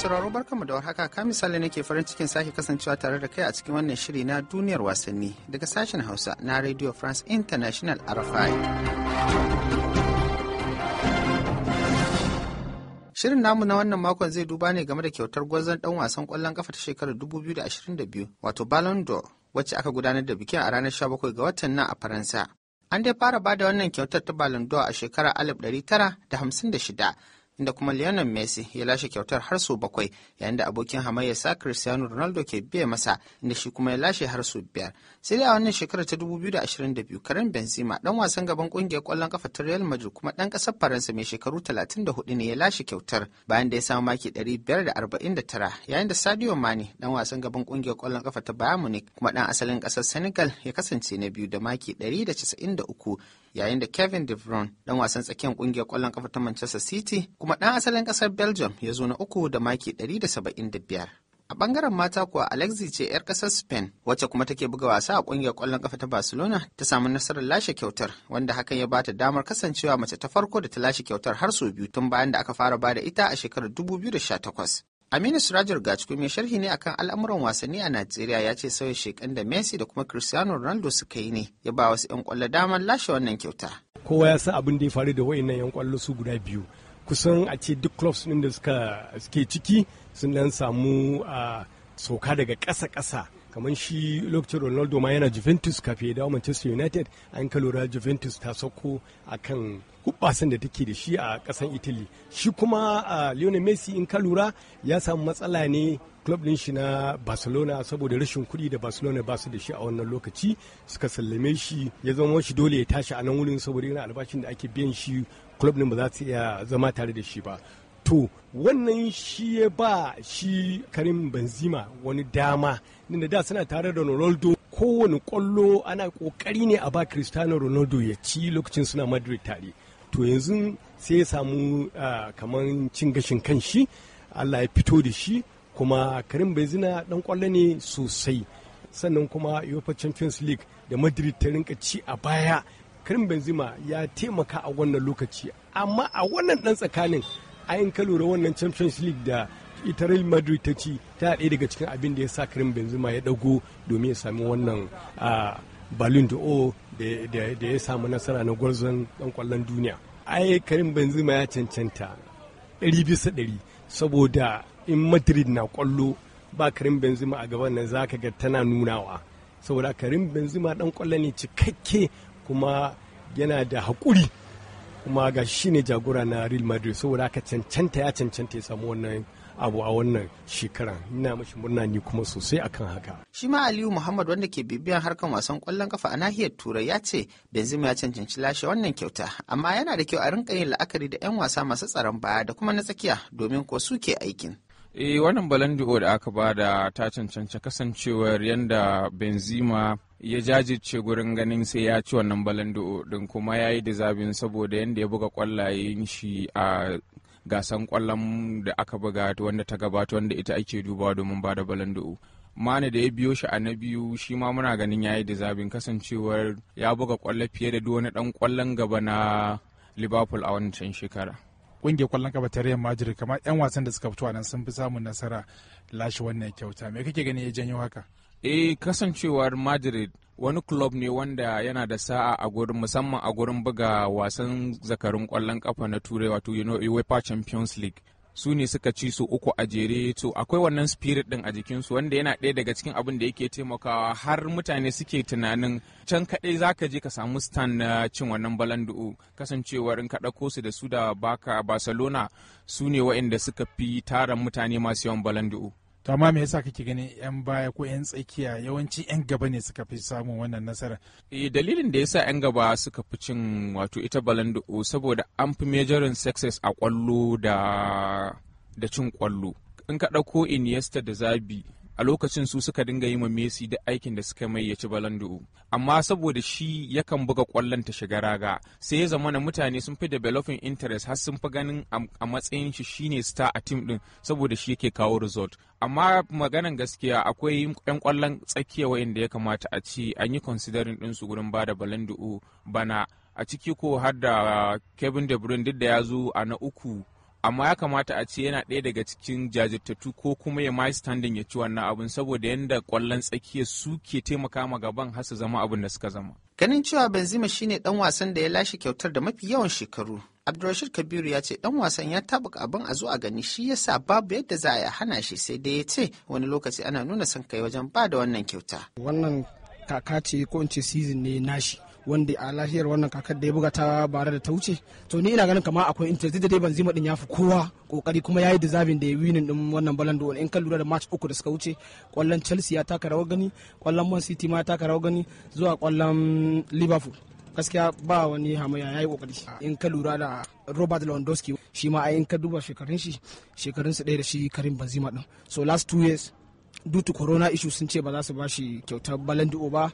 sauraro barkanmu da warhaka ka misali nake farin cikin sake kasancewa tare da kai a cikin wannan shiri na duniyar wasanni daga sashen Hausa na Radio France International RFI. Shirin namu na wannan makon zai duba ne game da kyautar gwazon dan wasan kwallon kafa ta shekarar 2022 wato Ballon d'Or wacce aka gudanar da bikin a ranar 17 ga watan nan a Faransa. An dai fara bada wannan kyautar ta Ballon d'Or a shekarar 1956 inda kuma Lionel Messi ya lashe kyautar har sau bakwai yayin da abokin hamayya sa Cristiano Ronaldo ke biya masa inda shi kuma ya lashe har sau biyar. Sai dai a wannan shekarar ta biyu Karen Benzema ɗan wasan gaban ƙungiyar kwallon kafa ta Real Madrid kuma ɗan kasar Faransa mai shekaru talatin da hudu ne ya lashe kyautar bayan da ya samu maki biyar da da arba'in tara yayin da Sadio Mane dan wasan gaban kungiyar kwallon kafa ta Bayern Munich kuma dan asalin kasar Senegal ya kasance na biyu da maki da da casa'in uku. yayin da Kevin De Bruyne dan wasan tsakiyar kungiyar kwallon kafa ta Manchester City kuma dan asalin kasar Belgium ya zo na uku da maki 175. A bangaren mata kuwa Alexi ce 'yar ƙasar Spain wacce kuma take buga wasa a ƙungiyar ƙwallon ƙafa ta Barcelona ta samu nasarar lashe kyautar wanda hakan ya bata damar kasancewa mace ta farko da ta lashe kyautar har sau biyu tun bayan da aka fara bada ita a shekarar 2018. Aminu Sirajar Gaciku mai sharhi ne akan al'amuran wasanni a Najeriya ya ce sauya shekan da Messi da kuma Cristiano Ronaldo suka yi ne ya ba wasu 'yan kwallo damar lashe wannan kyauta. Kowa ya san abin da ya faru da wayannan 'yan kwallo su guda biyu. Kusan a ce duk clubs ɗin da suke ciki sun dan samu ah, soka daga ƙasa-ƙasa kamar shi lokacin ronaldo ma yana juventus kafin ya dawo manchester united an ka lura juventus ta sauko a kan hubbasan da take da shi a kasan italy shi kuma a lionel messi in ka lura ya samu matsala ne club din shi na barcelona saboda rashin kuɗi da barcelona ba su da shi a wannan lokaci suka sallame shi ya zama shi dole ya tashi a nan wurin saboda yana albashin da ake biyan shi club din ba za su iya zama tare da shi ba to wannan shi ya ba shi karim benzema wani dama da da suna tare da ronaldo kowane kwallo ana kokari ne a ba cristiano ronaldo ya ci lokacin suna madrid tare to yanzu sai ya samu ah, kamar cin gashin kan shi allah ya fito da shi kuma karim benzema dan kwallo ne sosai sannan kuma UEFA Champions League da Madrid ta rinka ci a baya. Karim Benzema ya taimaka a wannan lokaci amma a wannan dan tsakanin a in ka lura wannan champions league da ita real madrid ta ci ta ɗaya daga cikin abin da ya sa karim benzema ya ɗago domin ya sami wannan balloon d'or da ya samu nasara na gwarzon ɗan ƙwallon duniya ai karim benzema ya cancanta ɗari bisa ɗari saboda in madrid na ƙwallo ba karim benzema a gaban nan za ka ga tana nunawa saboda karim benzema ɗan ƙwallo ne cikakke kuma yana da haƙuri kuma ga shi ne jagora na real madrid saboda aka cancanta ya cancanta ya samu wannan abu a wannan shekara ina mashi murna ni kuma sosai akan haka shi ma aliyu muhammad wanda ke bibiyan harkan wasan kwallon kafa a nahiyar turai ya ce benzema ya cancanci lashe wannan kyauta amma yana da kyau a rinka yin la'akari da 'yan wasa masu tsaron baya da kuma na tsakiya domin ko suke aikin eh wannan balandi'o da aka bada ta cancanci kasancewar yadda benzima ya jajirce gurin ganin sai ya ci wannan balandi'o din kuma ya yi zabin saboda yadda ya buga kwallayen shi a gasan kwallon da aka buga wanda ta gabata wanda ita ake dubawa domin bada balandi'o mani da ya biyo shi a na biyu shi ma muna ganin ya yi zabin kasancewar ya buga kwallo fiye da duk wani dan kwallon gaba na liverpool a wancan shekara kungiyar kwallon kafa ta Real kamar yan wasan da suka fito a nan sun fi samun nasara lashe wannan kyauta me kake gani ya janyo haka eh kasancewar Madrid wani club ne wanda yana da sa'a a gurin musamman a gurin buga wasan zakarun kwallon kafa na turai wato UEFA Champions League su ne suka ci su uku a jere to akwai wannan spirit din a jikinsu wanda yana ɗaya daga cikin abin da yake taimakawa har mutane suke tunanin can kaɗai za ka je ka samu stand na cin wannan balandu kasancewar in ka ɗauko su da su da baka barcelona su ne waɗanda suka fi tara mutane masu yawan balandu to amma me yasa kake ganin yan baya ko yan tsakiya yawanci yan gaba ne suka fi samun wannan nasara eh dalilin da yasa yan gaba suka fi cin wato ita balando saboda an fi majorin success a kwallo da da cin kwallo in ka ɗauko Iniesta da Zabi a lokacin su suka dinga yi ma Messi da aikin da suka mai ya ci balandu amma saboda shi yakan buga kwallon ta shiga raga sai ya zama na mutane sun fi developing interest har sun fi ganin a matsayin shi shine star a team din saboda shi yake kawo result amma maganan gaskiya akwai yan kwallon tsakiya wayanda ya kamata a ci an yi considering din su gurin bada balandu bana a ciki ko har da Kevin De Bruyne duk da ya zo a na uku amma ya kamata a ce yana ɗaya daga cikin jajirtattu ko kuma ya mai standing ya ci wannan abin saboda yadda kwallon tsakiya su ke taimaka ma gaban har su zama abin da suka zama ganin cewa benzema shine ɗan wasan da ya lashe kyautar da mafi yawan shekaru abdulrashid kabiru ya ce dan wasan ya taɓa abin a zo a gani shi yasa babu yadda za a hana shi sai dai ya ce wani lokaci ana nuna son kai wajen ba da wannan kyauta wannan kaka ce ko in ce season ne nashi wanda a lafiyar wannan kakar da ya buga ta bara da ta wuce to ni ina ganin kama akwai interest da dai banzima din ya fi kowa kokari kuma ya yi da ya winin din wannan balan da in kan lura da match uku da suka wuce kwallon Chelsea ya taka rawar gani kwallon Man City ma ya taka rawar gani zuwa kwallon Liverpool gaskiya ba wani hamaya ya yi kokari in ka lura da robert lewandowski shi ma in ka duba shekarun shi shekarun su ɗaya da shi karin zima din so last two years due to corona issue sun ce ba za su ba shi kyautar Ballon d'Or ba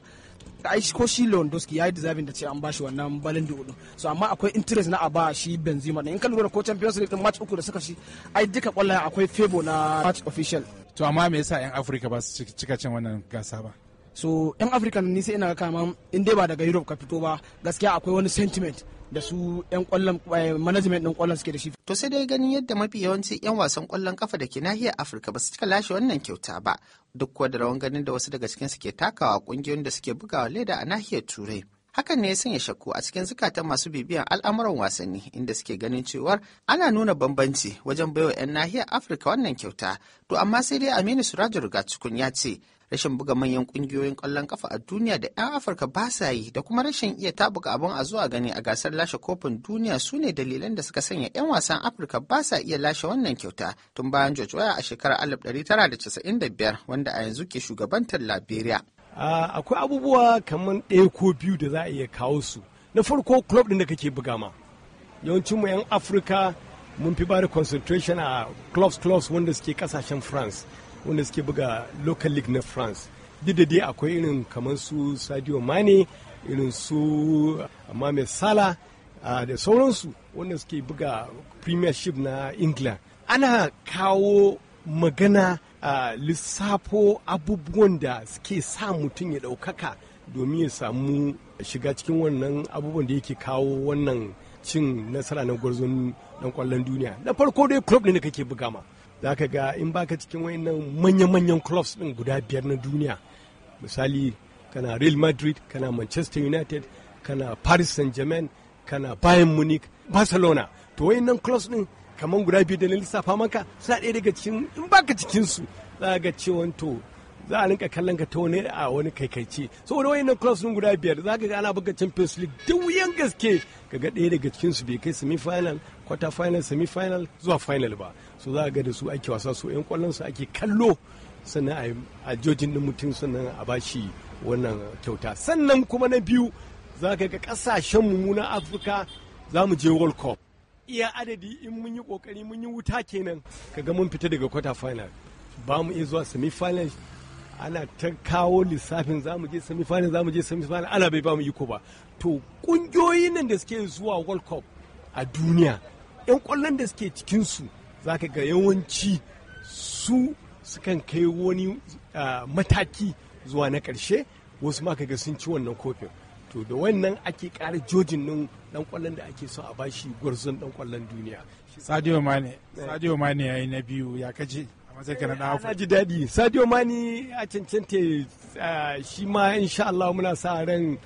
ai ko shi Lewandowski ya yi deserving da ce an bashi shi wannan Ballon d'Or din so amma akwai interest na a ba shi Benzema in ka lura ko Champions League din match uku da suka shi ai duka kwallaye akwai favor na match official to amma me yasa yan Africa ba su cika cin wannan gasa ba so yan Africa ni sai ina ga kaman in dai ba daga Europe ka fito ba gaskiya akwai wani sentiment da su 'yan kwallon eh, management din kwallon suke da shi. To sai dai ganin yadda mafi yawanci 'yan wasan kwallon kafa da ke nahiyar Afirka ba su cika lashe wannan kyauta ba duk kuwa da rawan ganin da wasu daga cikin suke takawa kungiyoyin da suke bugawa leda a nahiyar Turai. Hakan ne ya sanya shakku a cikin zukatan masu bibiyan al'amuran wasanni inda suke ganin cewar ana nuna bambanci wajen baiwa 'yan nahiyar Afirka wannan kyauta. To amma sai dai Aminu Surajo Rugatukun ya ce rashin buga manyan kungiyoyin kwallon kafa a duniya da 'yan afirka ba sa yi da kuma rashin iya tabuka abin a zuwa gani a gasar lashe kofin duniya su ne dalilan da suka sanya 'yan wasan afirka ba sa iya lashe wannan kyauta tun bayan george waya a shekarar 1995 wanda a yanzu ke shugabantar liberia akwai abubuwa kamar ɗaya ko biyu da za a iya kawo su na farko club ɗin da kake buga ma yawancin mu 'yan afirka mun fi ba da concentration a clubs clubs wanda suke kasashen france wanda suke buga local league na france duk da dai akwai irin kamar su sadio mane irin su uh, mame sala uh, da sauransu wanda suke buga premiership na england ana kawo magana a uh, lissafo abubuwan da suke sa mutum ya ɗaukaka domin ya samu shiga cikin wannan abubuwan da yake kawo wannan cin nasara na gwarzon dan kwallon duniya na farko dai club ne da kake buga ma za ka ga in baka cikin wayannan manya-manyan clubs ɗin guda biyar na duniya misali kana real madrid kana manchester united kana paris saint-germain kana bayern munich barcelona to wayannan clubs ɗin kamar guda biyu da na lissafa maka sa ɗaya daga cikin in baka su za ga cewa to za a rinka kallon ka ta wani a wani kaikaici saboda wayannan clubs din guda biyar za ka ga ana buga Champions League da wuyan gaske ga ɗaya daga cikin su bai kai semi final quarter final semi final zuwa final ba so za ga da su ake wasa su yan kwallon su ake kallo sannan a jojin din mutum sannan a bashi wannan kyauta sannan kuma na biyu za ka ga kasashen mu na Afirka za mu je World Cup iya adadi in mun yi kokari mun yi wuta kenan ka ga mun fita daga quarter final ba mu iya zuwa semi final ana ta kawo lissafin za mu je semi final za mu je semi ana bai ba mu iko ba to kungiyoyin nan da suke zuwa world cup a duniya yan kwallon da suke cikin su zaka ga yawanci su sukan kai wani mataki zuwa na karshe wasu ma ka ga sun ci wannan kofin to da wannan ake kara jojin nan dan kwallon da ake so a bashi gwarzon dan kwallon duniya sadio mane sadio mane yayi na biyu ya kaje. matsayin na ji daɗi. Sadio Mani a cancanta shi ma insha Allah muna sa ran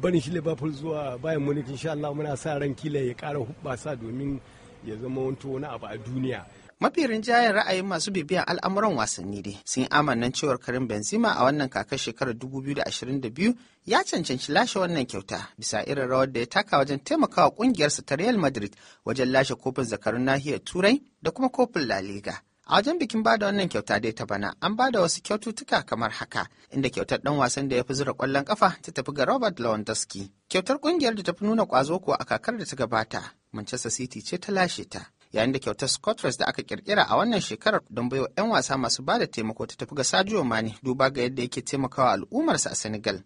barin shi Liverpool zuwa bayan Munich insha Allah muna sa ran kila ya ƙara hubbasa domin ya zama wani abu a duniya. mafi rinjayen ra'ayin masu bibiyan al'amuran wasanni dai sun yi amannan cewar karin benzema a wannan kakar shekarar 2022 ya cancanci lashe wannan kyauta bisa irin rawar da ya taka wajen taimakawa kungiyarsa ta real madrid wajen lashe kofin zakarun nahiyar turai da kuma kofin la liga A wajen bikin bada wannan kyauta dai ta bana an bada wasu kyaututtuka kamar haka inda kyautar dan wasan da ya fi zura kwallon kafa ta tafi ga Robert Lewandowski. Kyautar ƙungiyar da ta fi nuna kwazo kuwa a kakar da ta gabata Manchester City ce ta lashe ta. Yayin da kyautar Scotress da aka kirkira a wannan shekarar don baiwa 'yan wasa masu bada taimako ta tafi ga Sadio Mane duba ga yadda yake taimakawa al'ummarsa a Senegal.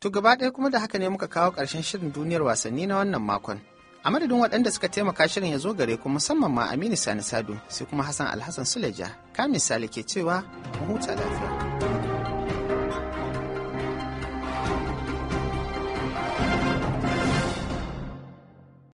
To gaba ɗaya kuma da haka ne muka kawo ƙarshen shirin duniyar wasanni na wannan makon. a madadin waɗanda suka taimaka shirin ya zo gare ku musamman ma aminu sani sadu sai kuma hassan alhassan suleja kamin sale ke cewa mu huta lafiya